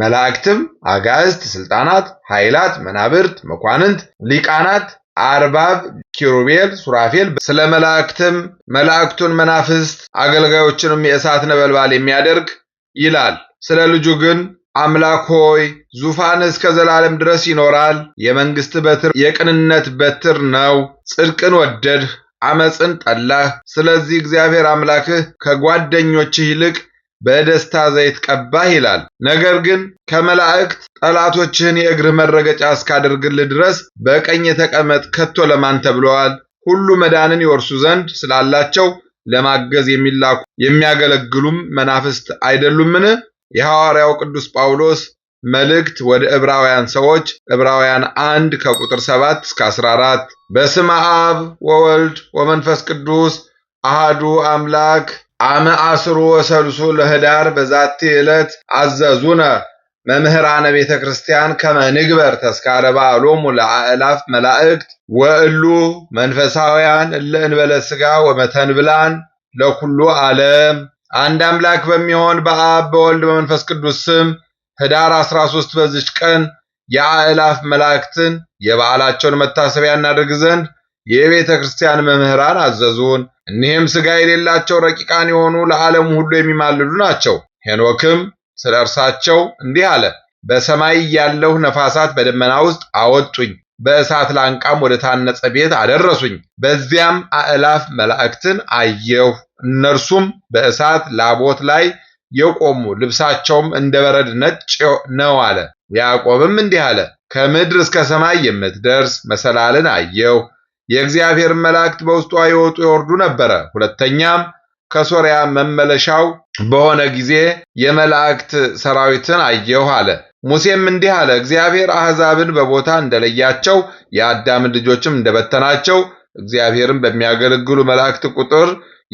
መላእክትም፣ አጋዕዝት፣ ስልጣናት ኃይላት፣ መናብርት፣ መኳንንት፣ ሊቃናት፣ አርባብ፣ ኪሩቤል፣ ሱራፌል ስለ መላእክትም መላእክቱን መናፍስት አገልጋዮችንም የእሳት ነበልባል የሚያደርግ ይላል። ስለ ልጁ ግን አምላክ ሆይ ዙፋን እስከ ዘላለም ድረስ ይኖራል። የመንግሥት በትር የቅንነት በትር ነው። ጽድቅን ወደድህ፣ አመፅን ጠላህ። ስለዚህ እግዚአብሔር አምላክህ ከጓደኞችህ ይልቅ በደስታ ዘይት ቀባህ ይላል። ነገር ግን ከመላእክት ጠላቶችህን የእግር መረገጫ እስካደርግልህ ድረስ በቀኝ የተቀመጥ ከቶ ለማን ተብለዋል? ሁሉ መዳንን ይወርሱ ዘንድ ስላላቸው ለማገዝ የሚላኩ የሚያገለግሉም መናፍስት አይደሉምን? የሐዋርያው ቅዱስ ጳውሎስ መልእክት ወደ ዕብራውያን ሰዎች ዕብራውያን 1 ከቁጥር 7 እስከ 14 በስመ አብ ወወልድ ወመንፈስ ቅዱስ አሃዱ አምላክ አመ አስሩ ወሰልሱ ለህዳር በዛቲ ዕለት አዘዙነ መምህራነ ቤተ ክርስቲያን ከመንግበር ተስካረ በዓሎሙ ለአእላፍ መላእክት ወእሉ መንፈሳውያን እለ እንበለ ሥጋ ወመተንብላን ለኩሉ ዓለም። አንድ አምላክ በሚሆን በአብ በወልድ በመንፈስ ቅዱስ ስም ህዳር 13 በዚች ቀን የአእላፍ መላእክትን የበዓላቸውን መታሰቢያ እናደርግ ዘንድ የቤተ ክርስቲያን መምህራን አዘዙን። እኒህም ሥጋ የሌላቸው ረቂቃን የሆኑ ለዓለም ሁሉ የሚማልዱ ናቸው። ሄኖክም ስለ እርሳቸው እንዲህ አለ። በሰማይ ያለሁ ነፋሳት በደመና ውስጥ አወጡኝ፣ በእሳት ላንቃም ወደ ታነጸ ቤት አደረሱኝ። በዚያም አእላፍ መላእክትን አየሁ። እነርሱም በእሳት ላቦት ላይ የቆሙ ልብሳቸውም እንደ በረድ ነጭ ነው አለ። ያዕቆብም እንዲህ አለ፣ ከምድር እስከ ሰማይ የምትደርስ መሰላልን አየሁ። የእግዚአብሔር መላእክት በውስጧ ይወጡ ይወርዱ ነበረ። ሁለተኛም ከሶርያ መመለሻው በሆነ ጊዜ የመላእክት ሰራዊትን አየሁ አለ። ሙሴም እንዲህ አለ፣ እግዚአብሔር አሕዛብን በቦታ እንደለያቸው የአዳምን ልጆችም እንደበተናቸው እግዚአብሔርን በሚያገለግሉ መላእክት ቁጥር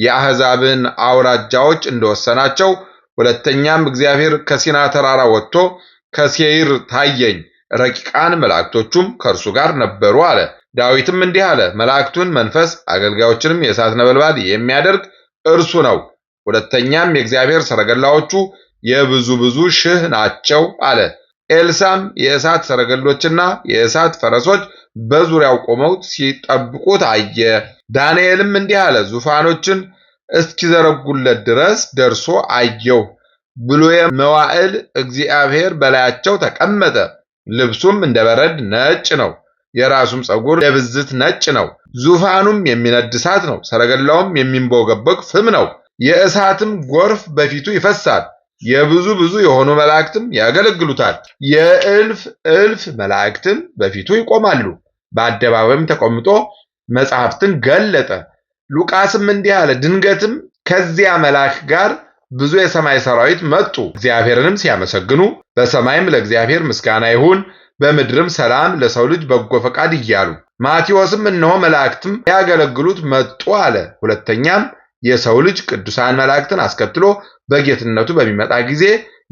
የአሕዛብን አውራጃዎች እንደወሰናቸው። ሁለተኛም እግዚአብሔር ከሲና ተራራ ወጥቶ ከሴይር ታየኝ፣ ረቂቃን መላእክቶቹም ከእርሱ ጋር ነበሩ አለ። ዳዊትም እንዲህ አለ፣ መላእክቱን መንፈስ አገልጋዮችንም የእሳት ነበልባል የሚያደርግ እርሱ ነው። ሁለተኛም የእግዚአብሔር ሰረገላዎቹ የብዙ ብዙ ሽህ ናቸው አለ። ኤልሳም የእሳት ሰረገሎችና የእሳት ፈረሶች በዙሪያው ቆመው ሲጠብቁት አየ። ዳንኤልም እንዲህ አለ፣ ዙፋኖችን እስኪዘረጉለት ድረስ ደርሶ አየሁ። ብሉየ መዋዕል እግዚአብሔር በላያቸው ተቀመጠ፣ ልብሱም እንደ በረድ ነጭ ነው። የራሱም ፀጉር ለብዝት ነጭ ነው። ዙፋኑም የሚነድ እሳት ነው። ሰረገላውም የሚንቦገበግ ፍም ነው። የእሳትም ጎርፍ በፊቱ ይፈሳል። የብዙ ብዙ የሆኑ መላእክትም ያገለግሉታል። የእልፍ እልፍ መላእክትም በፊቱ ይቆማሉ። በአደባባይም ተቀምጦ መጽሐፍትን ገለጠ። ሉቃስም እንዲህ አለ። ድንገትም ከዚያ መልአክ ጋር ብዙ የሰማይ ሰራዊት መጡ፣ እግዚአብሔርንም ሲያመሰግኑ፣ በሰማይም ለእግዚአብሔር ምስጋና ይሁን በምድርም ሰላም ለሰው ልጅ በጎ ፈቃድ እያሉ ማቴዎስም እነሆ መላእክትም ያገለግሉት መጡ አለ። ሁለተኛም የሰው ልጅ ቅዱሳን መላእክትን አስከትሎ በጌትነቱ በሚመጣ ጊዜ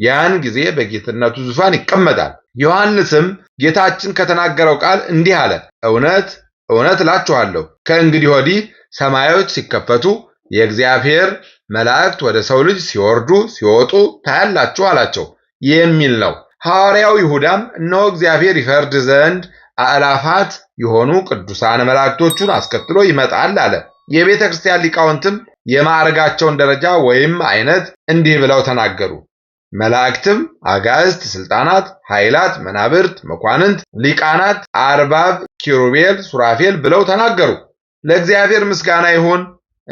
ያን ጊዜ በጌትነቱ ዙፋን ይቀመጣል። ዮሐንስም ጌታችን ከተናገረው ቃል እንዲህ አለ፣ እውነት እውነት እላችኋለሁ ከእንግዲህ ወዲህ ሰማዮች ሲከፈቱ የእግዚአብሔር መላእክት ወደ ሰው ልጅ ሲወርዱ ሲወጡ ታያላችሁ አላቸው የሚል ነው። ሐዋርያው ይሁዳም እነሆ እግዚአብሔር ይፈርድ ዘንድ አእላፋት የሆኑ ቅዱሳን መላእክቶቹን አስከትሎ ይመጣል አለ። የቤተ ክርስቲያን ሊቃውንትም የማዕረጋቸውን ደረጃ ወይም አይነት እንዲህ ብለው ተናገሩ። መላእክትም፣ አጋዕዝት፣ ስልጣናት፣ ኃይላት፣ መናብርት፣ መኳንንት፣ ሊቃናት፣ አርባብ፣ ኪሩቤል፣ ሱራፌል ብለው ተናገሩ። ለእግዚአብሔር ምስጋና ይሁን።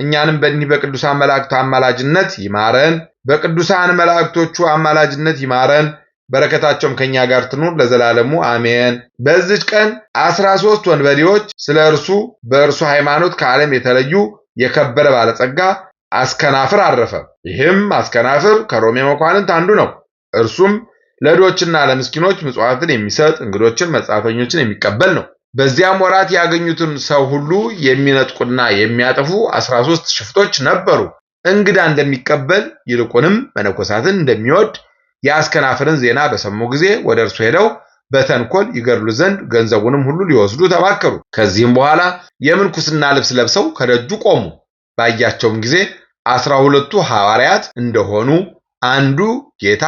እኛንም በእኒህ በቅዱሳን መላእክቱ አማላጅነት ይማረን፣ በቅዱሳን መላእክቶቹ አማላጅነት ይማረን። በረከታቸውም ከኛ ጋር ትኑር ለዘላለሙ አሜን። በዚች ቀን አስራ ሶስት ወንበዴዎች ስለ እርሱ በእርሱ ሃይማኖት ከዓለም የተለዩ የከበረ ባለጸጋ አስከናፍር አረፈ። ይህም አስከናፍር ከሮሜ መኳንንት አንዱ ነው። እርሱም ለዶችና ለምስኪኖች ምጽዋትን የሚሰጥ እንግዶችን፣ መጻተኞችን የሚቀበል ነው። በዚያም ወራት ያገኙትን ሰው ሁሉ የሚነጥቁና የሚያጠፉ አስራ ሽፍቶች ነበሩ። እንግዳ እንደሚቀበል ይልቁንም መነኮሳትን እንደሚወድ የአስከናፍርን ዜና በሰሙ ጊዜ ወደ እርሱ ሄደው በተንኮል ይገድሉ ዘንድ ገንዘቡንም ሁሉ ሊወስዱ ተማከሩ። ከዚህም በኋላ የምንኩስና ልብስ ለብሰው ከደጁ ቆሙ። ባያቸውም ጊዜ አስራ ሁለቱ ሐዋርያት እንደሆኑ አንዱ ጌታ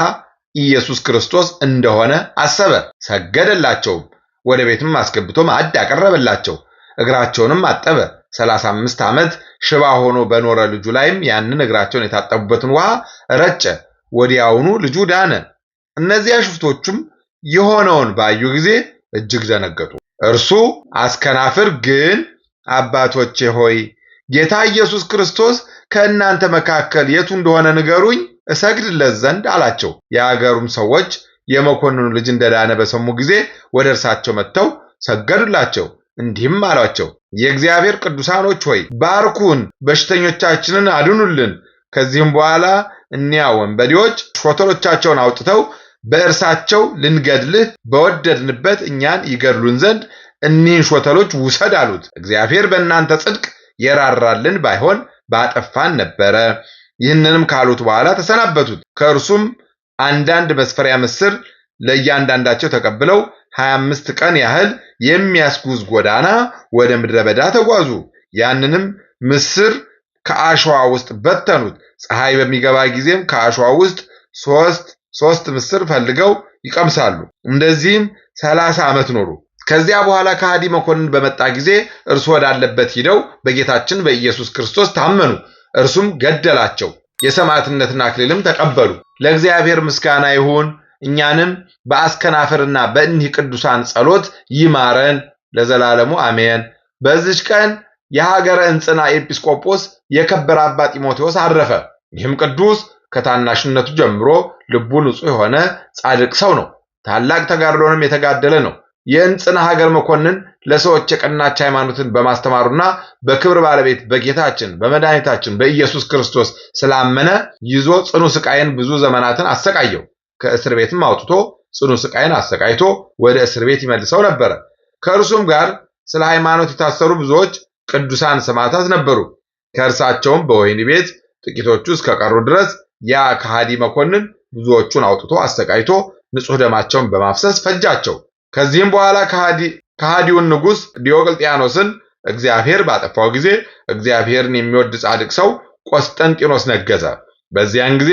ኢየሱስ ክርስቶስ እንደሆነ አሰበ። ሰገደላቸውም። ወደ ቤትም አስገብቶ ማዕድ አቀረበላቸው። እግራቸውንም አጠበ። ሰላሳ አምስት ዓመት ሽባ ሆኖ በኖረ ልጁ ላይም ያንን እግራቸውን የታጠቡበትን ውሃ ረጨ። ወዲያውኑ ልጁ ዳነ። እነዚያ ሽፍቶችም የሆነውን ባዩ ጊዜ እጅግ ደነገጡ። እርሱ አስከናፍር ግን አባቶቼ ሆይ ጌታ ኢየሱስ ክርስቶስ ከእናንተ መካከል የቱ እንደሆነ ንገሩኝ እሰግድለት ዘንድ አላቸው። የአገሩም ሰዎች የመኮንኑ ልጅ እንደዳነ በሰሙ ጊዜ ወደ እርሳቸው መጥተው ሰገዱላቸው። እንዲህም አሏቸው፣ የእግዚአብሔር ቅዱሳኖች ሆይ ባርኩን፣ በሽተኞቻችንን አድኑልን። ከዚህም በኋላ እኒያ ወንበዴዎች ሾተሎቻቸውን አውጥተው በእርሳቸው ልንገድልህ በወደድንበት እኛን ይገድሉን ዘንድ እኒህን ሾተሎች ውሰድ አሉት። እግዚአብሔር በእናንተ ጽድቅ የራራልን ባይሆን ባጠፋን ነበረ። ይህንንም ካሉት በኋላ ተሰናበቱት። ከእርሱም አንዳንድ መስፈሪያ ምስር ለእያንዳንዳቸው ተቀብለው ሀያ አምስት ቀን ያህል የሚያስጉዝ ጎዳና ወደ ምድረ በዳ ተጓዙ። ያንንም ምስር ከአሸዋ ውስጥ በተኑት። ፀሐይ በሚገባ ጊዜም ከአሸዋ ውስጥ ሶስት ሶስት ምስር ፈልገው ይቀምሳሉ። እንደዚህም ሰላሳ ዓመት ኖሩ። ከዚያ በኋላ ከሃዲ መኮንን በመጣ ጊዜ እርሱ ወዳለበት ሂደው በጌታችን በኢየሱስ ክርስቶስ ታመኑ። እርሱም ገደላቸው። የሰማዕትነትን አክሊልም ተቀበሉ። ለእግዚአብሔር ምስጋና ይሁን። እኛንም በአስከናፍርና በእኒህ ቅዱሳን ጸሎት ይማረን ለዘላለሙ አሜን። በዚች ቀን የሀገረ እንጽና ኤጲስቆጶስ የከበረ አባ ጢሞቴዎስ አረፈ። ይህም ቅዱስ ከታናሽነቱ ጀምሮ ልቡ ንጹሕ የሆነ ጻድቅ ሰው ነው። ታላቅ ተጋድሎንም የተጋደለ ነው። የእንጽነ ሀገር መኮንን ለሰዎች የቀናች ሃይማኖትን በማስተማሩና በክብር ባለቤት በጌታችን በመድኃኒታችን በኢየሱስ ክርስቶስ ስላመነ ይዞ ጽኑ ስቃይን ብዙ ዘመናትን አሰቃየው። ከእስር ቤትም አውጥቶ ጽኑ ስቃይን አሰቃይቶ ወደ እስር ቤት ይመልሰው ነበረ። ከእርሱም ጋር ስለ ሃይማኖት የታሰሩ ብዙዎች ቅዱሳን ሰማዕታት ነበሩ። ከእርሳቸውም በወህኒ ቤት ጥቂቶቹ እስከቀሩ ድረስ ያ ከሃዲ መኮንን ብዙዎቹን አውጥቶ አሰቃይቶ ንጹሕ ደማቸውን በማፍሰስ ፈጃቸው። ከዚህም በኋላ ከሃዲውን ንጉሥ ዲዮቅልጥያኖስን እግዚአብሔር ባጠፋው ጊዜ እግዚአብሔርን የሚወድ ጻድቅ ሰው ቆስጠንጢኖስ ነገሰ። በዚያን ጊዜ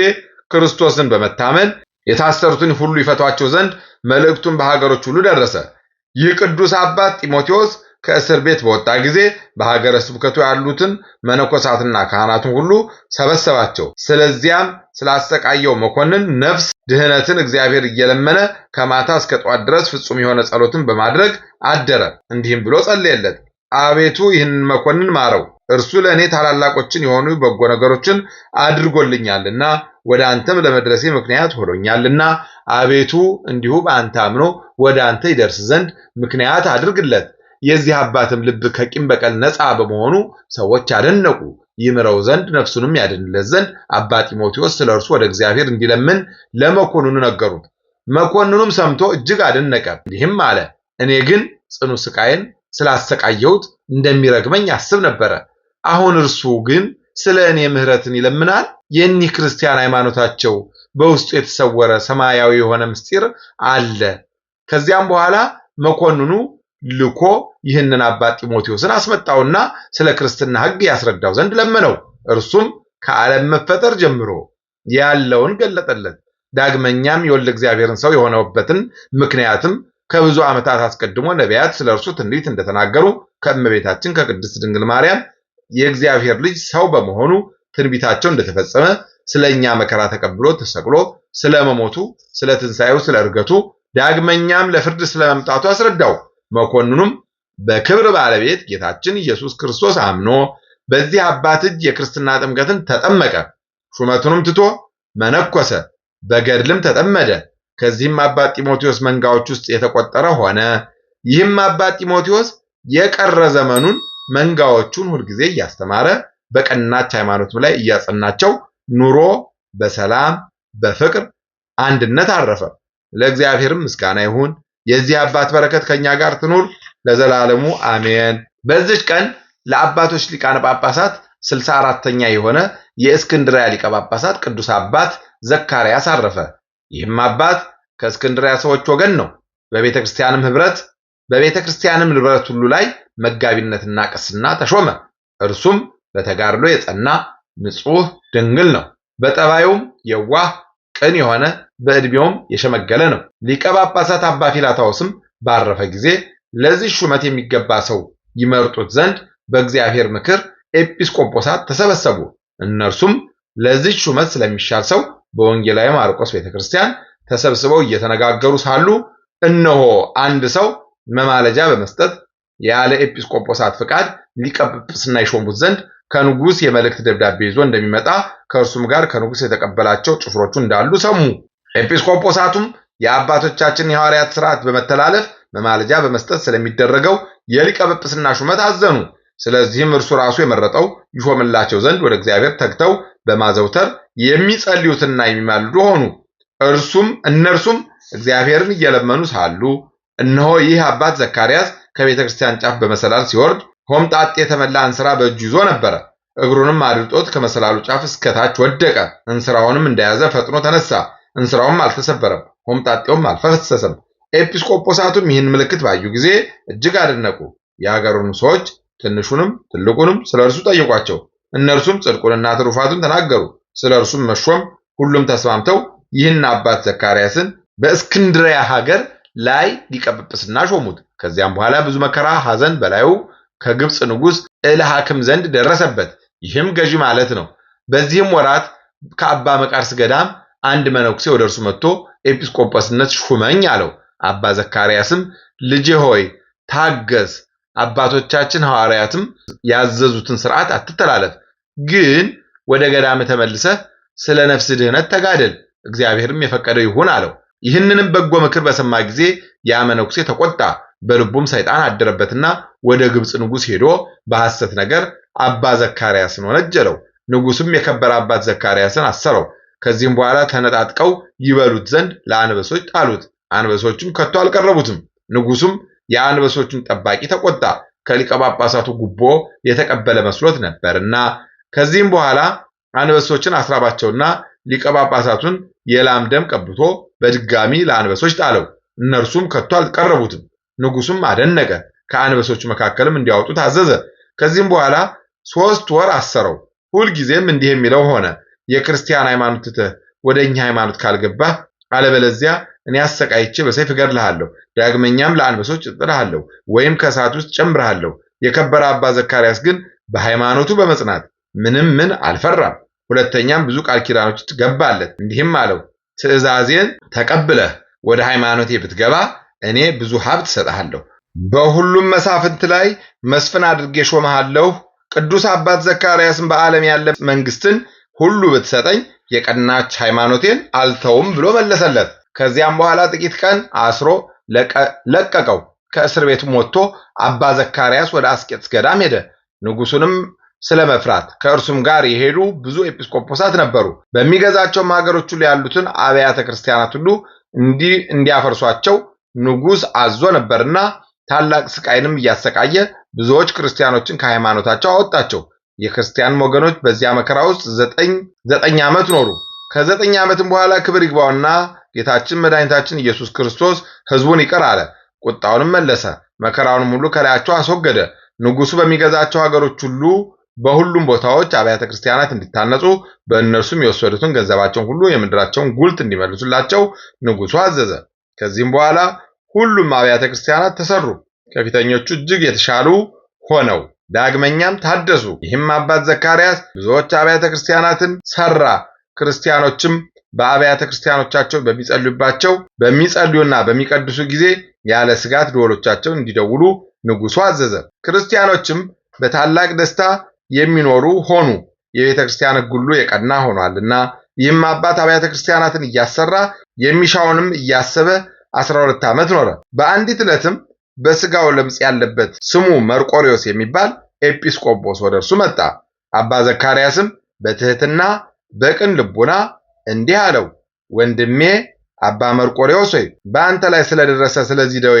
ክርስቶስን በመታመን የታሰሩትን ሁሉ ይፈቷቸው ዘንድ መልእክቱን በሀገሮች ሁሉ ደረሰ። ይህ ቅዱስ አባት ጢሞቴዎስ ከእስር ቤት በወጣ ጊዜ በሀገረ ስብከቱ ያሉትን መነኮሳትና ካህናትን ሁሉ ሰበሰባቸው። ስለዚያም ስላሰቃየው መኮንን ነፍስ ድህነትን እግዚአብሔር እየለመነ ከማታ እስከ ጠዋት ድረስ ፍጹም የሆነ ጸሎትን በማድረግ አደረ። እንዲህም ብሎ ጸለየለት፣ አቤቱ ይህንን መኮንን ማረው፣ እርሱ ለእኔ ታላላቆችን የሆኑ በጎ ነገሮችን አድርጎልኛልና ወደ አንተም ለመድረሴ ምክንያት ሆኖኛልና፣ አቤቱ እንዲሁ በአንተ አምኖ ወደ አንተ ይደርስ ዘንድ ምክንያት አድርግለት የዚህ አባትም ልብ ከቂም በቀል ነፃ በመሆኑ ሰዎች አደነቁ። ይምረው ዘንድ ነፍሱንም ያድንለት ዘንድ አባ ጢሞቴዎስ ስለ እርሱ ወደ እግዚአብሔር እንዲለምን ለመኮንኑ ነገሩት። መኮንኑም ሰምቶ እጅግ አደነቀ። እንዲህም አለ፣ እኔ ግን ጽኑ ስቃይን ስላሰቃየሁት እንደሚረግመኝ አስብ ነበረ። አሁን እርሱ ግን ስለ እኔ ምሕረትን ይለምናል። የእኒህ ክርስቲያን ሃይማኖታቸው በውስጡ የተሰወረ ሰማያዊ የሆነ ምስጢር አለ። ከዚያም በኋላ መኮንኑ ልኮ ይህንን አባት ጢሞቴዎስን አስመጣውና ስለ ክርስትና ሕግ ያስረዳው ዘንድ ለመነው። እርሱም ከዓለም መፈጠር ጀምሮ ያለውን ገለጠለት። ዳግመኛም የወልደ እግዚአብሔርን ሰው የሆነበትን ምክንያትም ከብዙ ዓመታት አስቀድሞ ነቢያት ስለ እርሱ ትንቢት እንደተናገሩ ከእመቤታችን ከቅድስት ድንግል ማርያም የእግዚአብሔር ልጅ ሰው በመሆኑ ትንቢታቸው እንደተፈጸመ ስለ እኛ መከራ ተቀብሎ ተሰቅሎ ስለ መሞቱ፣ ስለ ትንሣኤው፣ ስለ እርገቱ ዳግመኛም ለፍርድ ስለመምጣቱ አስረዳው። መኮንኑም በክብር ባለቤት ጌታችን ኢየሱስ ክርስቶስ አምኖ በዚህ አባት እጅ የክርስትና ጥምቀትን ተጠመቀ። ሹመቱንም ትቶ መነኮሰ፣ በገድልም ተጠመደ። ከዚህም አባት ጢሞቴዎስ መንጋዎች ውስጥ የተቆጠረ ሆነ። ይህም አባት ጢሞቴዎስ የቀረ ዘመኑን መንጋዎቹን ሁልጊዜ እያስተማረ በቀናች ሃይማኖትም ላይ እያጸናቸው ኑሮ በሰላም በፍቅር አንድነት አረፈ። ለእግዚአብሔርም ምስጋና ይሁን። የዚህ አባት በረከት ከኛ ጋር ትኑር። ለዘላለሙ አሜን። በዚች ቀን ለአባቶች ሊቃነ ጳጳሳት ስልሳ አራተኛ የሆነ የእስክንድሪያ ሊቀ ጳጳሳት ቅዱስ አባት ዘካርያስ አረፈ። ይህም አባት ከእስክንድሪያ ሰዎች ወገን ነው። በቤተ ክርስቲያንም ህብረት በቤተ ክርስቲያንም ንብረት ሁሉ ላይ መጋቢነትና ቅስና ተሾመ። እርሱም በተጋድሎ የጸና ንጹሕ ድንግል ነው። በጠባዩም የዋህ ቅን የሆነ በዕድሜውም የሸመገለ ነው። ሊቀ ጳጳሳት አባ ፊላታውስም ባረፈ ጊዜ ለዚህ ሹመት የሚገባ ሰው ይመርጡት ዘንድ በእግዚአብሔር ምክር ኤጲስቆጶሳት ተሰበሰቡ። እነርሱም ለዚህ ሹመት ስለሚሻል ሰው በወንጌላዊ ማርቆስ ቤተክርስቲያን ተሰብስበው እየተነጋገሩ ሳሉ እነሆ አንድ ሰው መማለጃ በመስጠት ያለ ኤጲስቆጶሳት ፍቃድ ሊቀ ይሾሙት ዘንድ ከንጉሥ የመልእክት ደብዳቤ ይዞ እንደሚመጣ ከእርሱም ጋር ከንጉሥ የተቀበላቸው ጭፍሮቹ እንዳሉ ሰሙ። ኤጲስቆጶሳቱም የአባቶቻችን የሐዋርያት ሥርዓት በመተላለፍ መማለጃ በመስጠት ስለሚደረገው የሊቀ ጵጵስና ሹመት አዘኑ። ስለዚህም እርሱ ራሱ የመረጠው ይሾምላቸው ዘንድ ወደ እግዚአብሔር ተግተው በማዘውተር የሚጸልዩትና የሚማልዱ ሆኑ። እርሱም እነርሱም እግዚአብሔርን እየለመኑ ሳሉ እነሆ ይህ አባት ዘካርያስ ከቤተ ክርስቲያን ጫፍ በመሰላል ሲወርድ ሆምጣጤ የተመላ እንስራ በእጁ ይዞ ነበረ። እግሩንም አድርጦት ከመሰላሉ ጫፍ እስከታች ወደቀ። እንስራውንም እንደያዘ ፈጥኖ ተነሳ። እንስራውም አልተሰበረም፣ ሆምጣጤውም አልፈሰሰም። ኤጲስቆጶሳቱም ይህን ምልክት ባዩ ጊዜ እጅግ አደነቁ። የአገሩን ሰዎች ትንሹንም ትልቁንም ስለ እርሱ ጠየቋቸው። እነርሱም ጽድቁንና ትሩፋቱን ተናገሩ። ስለ እርሱም መሾም ሁሉም ተስማምተው ይህን አባት ዘካርያስን በእስክንድሪያ ሀገር ላይ ሊቀ ሾሙት። ከዚያም በኋላ ብዙ መከራ፣ ሐዘን በላዩ ከግብፅ ንጉሥ እልሃክም ዘንድ ደረሰበት። ይህም ገዢ ማለት ነው። በዚህም ወራት ከአባ መቃርስ ገዳም አንድ መነኩሴ ወደ እርሱ መጥቶ ኤጲስቆጶስነት ሹመኝ አለው። አባ ዘካርያስም ልጄ ሆይ ታገስ፣ አባቶቻችን ሐዋርያትም ያዘዙትን ስርዓት አትተላለፍ፣ ግን ወደ ገዳም ተመልሰህ ስለ ነፍስ ድህነት ተጋደል፣ እግዚአብሔርም የፈቀደው ይሁን አለው። ይህንንም በጎ ምክር በሰማ ጊዜ ያ መነኩሴ ተቆጣ፣ በልቡም ሰይጣን አደረበትና ወደ ግብፅ ንጉሥ ሄዶ በሐሰት ነገር አባ ዘካርያስን ወነጀለው። ንጉሱም የከበረ አባት ዘካርያስን አሰረው። ከዚህም በኋላ ተነጣጥቀው ይበሉት ዘንድ ለአንበሶች ጣሉት። አንበሶችም ከቶ አልቀረቡትም። ንጉሱም የአንበሶቹን ጠባቂ ተቆጣ፣ ከሊቀ ጳጳሳቱ ጉቦ የተቀበለ መስሎት ነበርና። ከዚህም በኋላ አንበሶችን አስራባቸውና ሊቀ ጳጳሳቱን የላም ደም ቀብቶ በድጋሚ ለአንበሶች ጣለው። እነርሱም ከቶ አልቀረቡትም። ንጉሱም አደነቀ፣ ከአንበሶቹ መካከልም እንዲያወጡ ታዘዘ። ከዚህም በኋላ ሶስት ወር አሰረው። ሁልጊዜም እንዲህ የሚለው ሆነ፣ የክርስቲያን ሃይማኖት ትተህ ወደ እኛ ሃይማኖት ካልገባህ አለበለዚያ እኔ አሰቃይቼ በሰይፍ እገድልሃለሁ፣ ዳግመኛም ለአንበሶች እጥልሃለሁ ወይም ከእሳት ውስጥ ጨምርሃለሁ። የከበረ አባ ዘካርያስ ግን በሃይማኖቱ በመጽናት ምንም ምን አልፈራም። ሁለተኛም ብዙ ቃል ኪዳኖች ገባለት። እንዲህም አለው፣ ትእዛዜን ተቀብለህ ወደ ሃይማኖቴ ብትገባ እኔ ብዙ ሀብት እሰጥሃለሁ፣ በሁሉም መሳፍንት ላይ መስፍን አድርጌ ሾመሃለሁ። ቅዱስ አባት ዘካርያስን በዓለም ያለ መንግስትን ሁሉ ብትሰጠኝ የቀናች ሃይማኖቴን አልተውም ብሎ መለሰለት። ከዚያም በኋላ ጥቂት ቀን አስሮ ለቀቀው። ከእስር ቤትም ወጥቶ አባ ዘካርያስ ወደ አስቄጥስ ገዳም ሄደ። ንጉሱንም ስለመፍራት ከእርሱም ጋር የሄዱ ብዙ ኤጲስቆጶሳት ነበሩ። በሚገዛቸውም ሀገሮች ሁሉ ያሉትን አብያተ ክርስቲያናት ሁሉ እንዲያፈርሷቸው ንጉስ አዞ ነበርና ታላቅ ስቃይንም እያሰቃየ ብዙዎች ክርስቲያኖችን ከሃይማኖታቸው አወጣቸው። የክርስቲያን ወገኖች በዚያ መከራ ውስጥ ዘጠኝ ዘጠኝ ዓመት ኖሩ። ከዘጠኝ ዓመትም በኋላ ክብር ይግባውና ጌታችን መድኃኒታችን ኢየሱስ ክርስቶስ ሕዝቡን ይቅር አለ፣ ቁጣውንም መለሰ፣ መከራውንም ሁሉ ከላያቸው አስወገደ። ንጉሡ በሚገዛቸው ሀገሮች ሁሉ በሁሉም ቦታዎች አብያተ ክርስቲያናት እንዲታነጹ በእነርሱም የወሰዱትን ገንዘባቸውን ሁሉ የምድራቸውን ጉልት እንዲመልሱላቸው ንጉሡ አዘዘ። ከዚህም በኋላ ሁሉም አብያተ ክርስቲያናት ተሰሩ፣ ከፊተኞቹ እጅግ የተሻሉ ሆነው ዳግመኛም ታደሱ። ይህም አባት ዘካርያስ ብዙዎች አብያተ ክርስቲያናትን ሰራ። ክርስቲያኖችም በአብያተ ክርስቲያኖቻቸው በሚጸልዩባቸው በሚጸልዩና በሚቀድሱ ጊዜ ያለ ስጋት ደወሎቻቸውን እንዲደውሉ ንጉሡ አዘዘ። ክርስቲያኖችም በታላቅ ደስታ የሚኖሩ ሆኑ፣ የቤተ ክርስቲያን ሕግ ሁሉ የቀና ሆኗልና። ይህም አባት አብያተ ክርስቲያናትን እያሰራ የሚሻውንም እያሰበ 12 ዓመት ኖረ። በአንዲት ዕለትም በስጋው ለምጽ ያለበት ስሙ መርቆሪዎስ የሚባል ኤጲስቆጶስ ወደ እርሱ መጣ። አባ ዘካርያስም በትሕትና በቅን ልቡና እንዲህ አለው፣ ወንድሜ አባ መርቆሬዎስ ሆይ በአንተ ላይ ስለደረሰ ስለዚህ ደዌ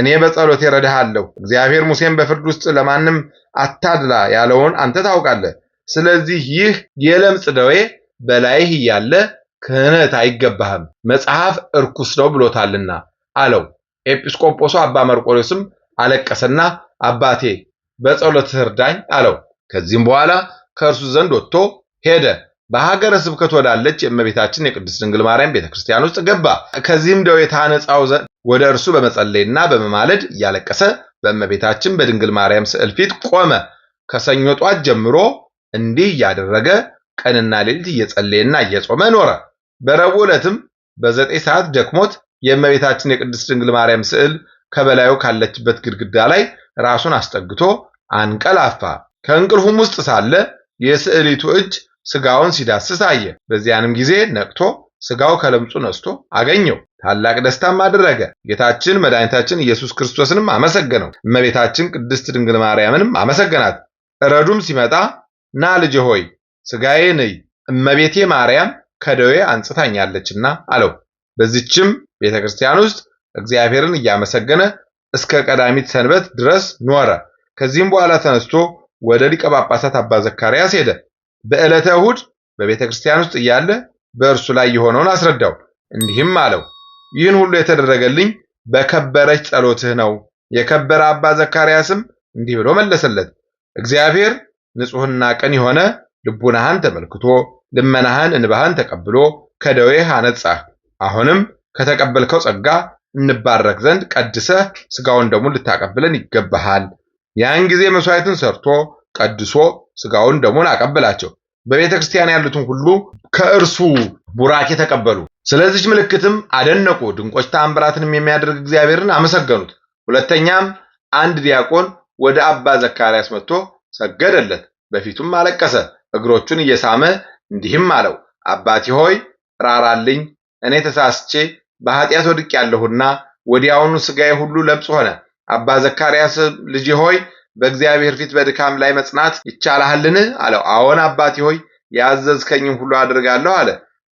እኔ በጸሎት እረዳሃለሁ። እግዚአብሔር ሙሴን በፍርድ ውስጥ ለማንም አታድላ ያለውን አንተ ታውቃለህ። ስለዚህ ይህ የለምጽ ደዌ በላይህ እያለ ክህነት አይገባህም፣ መጽሐፍ እርኩስ ነው ብሎታልና አለው። ኤጲስቆጶሱ አባ መርቆሬዎስም አለቀሰና አባቴ በጸሎት እርዳኝ አለው። ከዚህም በኋላ ከእርሱ ዘንድ ወጥቶ ሄደ። በሀገረ ስብከት ወዳለች የእመቤታችን የቅድስት ድንግል ማርያም ቤተ ክርስቲያን ውስጥ ገባ። ከዚህም ደዌ ታነጻው ዘንድ ወደ እርሱ በመጸለይና በመማለድ እያለቀሰ በእመቤታችን በድንግል ማርያም ስዕል ፊት ቆመ። ከሰኞ ጧት ጀምሮ እንዲህ እያደረገ ቀንና ሌሊት እየጸለየና እየጾመ ኖረ። በረቡዕ ዕለትም በዘጠኝ ሰዓት ደክሞት የእመቤታችን የቅድስት ድንግል ማርያም ስዕል ከበላዩ ካለችበት ግድግዳ ላይ ራሱን አስጠግቶ አንቀላፋ። ከእንቅልፉም ውስጥ ሳለ የስዕሊቱ እጅ ስጋውን ሲዳስስ አየ። በዚያንም ጊዜ ነቅቶ ስጋው ከለምጹ ነስቶ አገኘው። ታላቅ ደስታም አደረገ። ጌታችን መድኃኒታችን ኢየሱስ ክርስቶስንም አመሰገነው። እመቤታችን ቅድስት ድንግል ማርያምንም አመሰገናት። እረዱም ሲመጣ ና ልጅ ሆይ ስጋዬ ነይ እመቤቴ ማርያም ከደዌ አንጽታኛለችና አለው። በዚችም ቤተ ክርስቲያን ውስጥ እግዚአብሔርን እያመሰገነ እስከ ቀዳሚት ሰንበት ድረስ ኖረ። ከዚህም በኋላ ተነስቶ ወደ ሊቀ ጳጳሳት አባ ዘካርያስ ሄደ። በዕለተ እሑድ በቤተ ክርስቲያን ውስጥ እያለ በእርሱ ላይ የሆነውን አስረዳው። እንዲህም አለው፣ ይህን ሁሉ የተደረገልኝ በከበረች ጸሎትህ ነው። የከበረ አባ ዘካርያስም እንዲህ ብሎ መለሰለት፣ እግዚአብሔር ንጹሕና ቅን የሆነ ልቡናህን ተመልክቶ ልመናህን እንባህን ተቀብሎ ከደዌህ አነጻህ። አሁንም ከተቀበልከው ጸጋ እንባረክ ዘንድ ቀድሰህ ስጋውን ደሙን ልታቀብለን ይገባሃል። ያን ጊዜ መስዋዕትን ሰርቶ ቀድሶ ስጋውን ደሙን አቀበላቸው። በቤተ ክርስቲያን ያሉትን ሁሉ ከእርሱ ቡራኬ ተቀበሉ። ስለዚች ምልክትም አደነቁ። ድንቆች ተአምራትንም የሚያደርግ እግዚአብሔርን አመሰገኑት። ሁለተኛም አንድ ዲያቆን ወደ አባ ዘካርያስ መጥቶ ሰገደለት፣ በፊቱም አለቀሰ። እግሮቹን እየሳመ እንዲህም አለው፣ አባቴ ሆይ ራራልኝ፣ እኔ ተሳስቼ በኃጢአት ወድቄአለሁና ወዲያውኑ ሥጋዬ ሁሉ ለምጽ ሆነ። አባ ዘካርያስ ልጅ ሆይ በእግዚአብሔር ፊት በድካም ላይ መጽናት ይቻልሃልን? አለው። አዎን አባቴ ሆይ ያዘዝከኝም ሁሉ አድርጋለሁ አለ።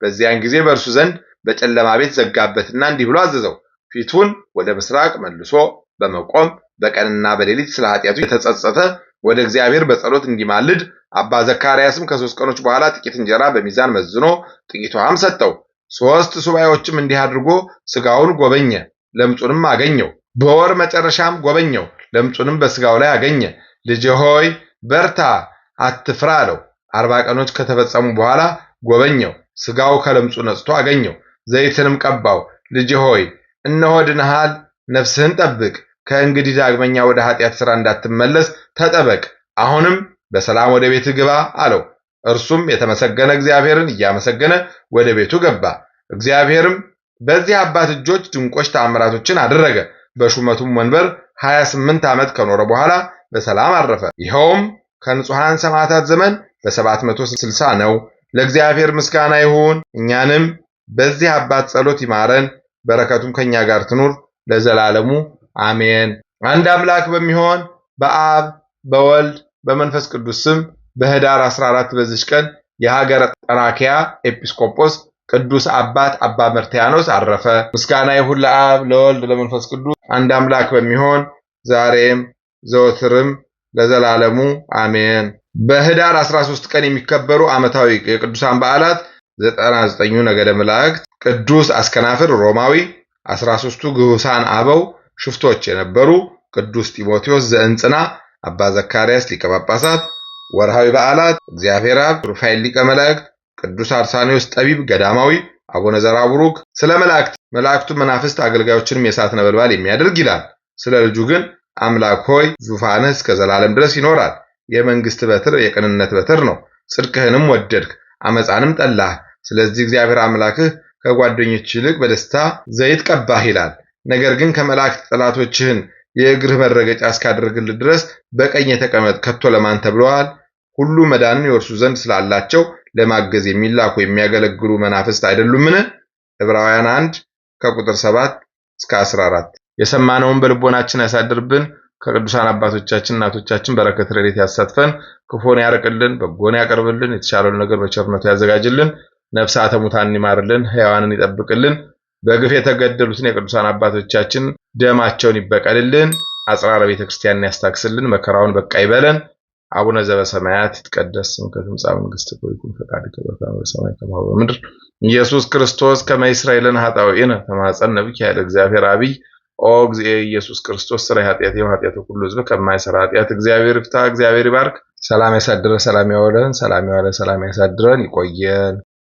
በዚያን ጊዜ በእርሱ ዘንድ በጨለማ ቤት ዘጋበትና እንዲህ ብሎ አዘዘው፣ ፊቱን ወደ ምስራቅ መልሶ በመቆም በቀንና በሌሊት ስለ ኃጢአቱ የተጸጸተ ወደ እግዚአብሔር በጸሎት እንዲማልድ። አባ ዘካርያስም ከሶስት ቀኖች በኋላ ጥቂት እንጀራ በሚዛን መዝኖ ጥቂት ውሃም ሰጠው። ሦስት ሱባኤዎችም እንዲህ አድርጎ ሥጋውን ጎበኘ፣ ለምጹንም አገኘው። በወር መጨረሻም ጎበኘው፣ ለምጹንም በሥጋው ላይ አገኘ። ልጄ ሆይ በርታ፣ አትፍራ አለው። አርባ ቀኖች ከተፈጸሙ በኋላ ጎበኘው፣ ሥጋው ከለምጹ ነጽቶ አገኘው። ዘይትንም ቀባው። ልጄ ሆይ እነሆ ድነሃል፣ ነፍስህን ጠብቅ። ከእንግዲህ ዳግመኛ ወደ ኃጢአት ሥራ እንዳትመለስ ተጠበቅ። አሁንም በሰላም ወደ ቤት ግባ አለው። እርሱም የተመሰገነ እግዚአብሔርን እያመሰገነ ወደ ቤቱ ገባ። እግዚአብሔርም በዚህ አባት እጆች ድንቆች ተአምራቶችን አደረገ። በሹመቱም ወንበር 28 ዓመት ከኖረ በኋላ በሰላም አረፈ። ይኸውም ከንጹሐን ሰማዕታት ዘመን በ760 ነው። ለእግዚአብሔር ምስጋና ይሁን። እኛንም በዚህ አባት ጸሎት ይማረን፣ በረከቱም ከኛ ጋር ትኑር ለዘላለሙ አሜን። አንድ አምላክ በሚሆን በአብ በወልድ በመንፈስ ቅዱስ ስም በህዳር 14 በዚች ቀን የሀገረ ጠራኪያ ኤጲስቆጶስ ቅዱስ አባት አባ መርትያኖስ አረፈ። ምስጋና ይሁን ለአብ ለወልድ ለመንፈስ ቅዱስ አንድ አምላክ በሚሆን ዛሬም ዘወትርም ለዘላለሙ አሜን። በህዳር 13 ቀን የሚከበሩ ዓመታዊ የቅዱሳን በዓላት 99ኙ ነገደ መላእክት፣ ቅዱስ አስከናፍር ሮማዊ፣ 13ቱ ግዑሳን አበው ሽፍቶች የነበሩ፣ ቅዱስ ጢሞቴዎስ ዘእንጽና፣ አባ ዘካርያስ ሊቀ ጳጳሳት ወርሃዊ በዓላት እግዚአብሔር አብ ሩፋኤል ሊቀ መላእክት፣ ቅዱስ አርሳኔዎስ ጠቢብ ገዳማዊ፣ አቡነ ዘርዓ ቡሩክ። ስለ መላእክት መላእክቱ መናፍስት አገልጋዮችንም የእሳት ነበልባል የሚያደርግ ይላል። ስለ ልጁ ግን አምላክ ሆይ ዙፋንህ እስከ ዘላለም ድረስ ይኖራል። የመንግስት በትር የቅንነት በትር ነው። ጽድቅህንም ወደድክ፣ አመፃንም ጠላህ። ስለዚህ እግዚአብሔር አምላክህ ከጓደኞች ይልቅ በደስታ ዘይት ቀባህ ይላል። ነገር ግን ከመላእክት ጠላቶችህን የእግርህ መረገጫ እስካደርግልህ ድረስ በቀኝ የተቀመጥ ከቶ ለማን ተብለዋል? ሁሉ መዳንን ይወርሱ ዘንድ ስላላቸው ለማገዝ የሚላኩ የሚያገለግሉ መናፍስት አይደሉምን? ዕብራውያን አንድ ከቁጥር 7 እስከ 14 የሰማነውን በልቦናችን ያሳድርብን። ከቅዱሳን አባቶቻችን እናቶቻችን በረከት ረድኤት ያሳትፈን። ክፉን ያርቅልን፣ በጎን ያቀርብልን፣ የተሻለውን ነገር በቸርነቱ ያዘጋጅልን፣ ነፍሳተ ሙታንን ይማርልን፣ ሕያዋንን ይጠብቅልን። በግፍ የተገደሉትን የቅዱሳን አባቶቻችን ደማቸውን ይበቀልልን፣ አጽራረ ቤተ ክርስቲያንን ያስታክስልን፣ መከራውን በቃ ይበለን። አቡነ ዘበሰማያት ይትቀደስ ስምከ ትምጻእ መንግሥትከ ወይኩን ፈቃድከ በከመ በሰማይ ከማሁ በምድር ኢየሱስ ክርስቶስ ከመ ይስራኤልን ኃጣውኢነ ተማፀን ነብይ ያለ እግዚአብሔር አብይ ኦ እግዚእ ኢየሱስ ክርስቶስ ስራ ኃጢአት የኃጢአቱ ሁሉ ህዝብ ከማይሰራ ኃጢአት እግዚአብሔር ይፍታ። እግዚአብሔር ይባርክ። ሰላም ያሳድረን፣ ሰላም ያወለን፣ ሰላም ያዋለን፣ ሰላም ያሳድረን፣ ይቆየን።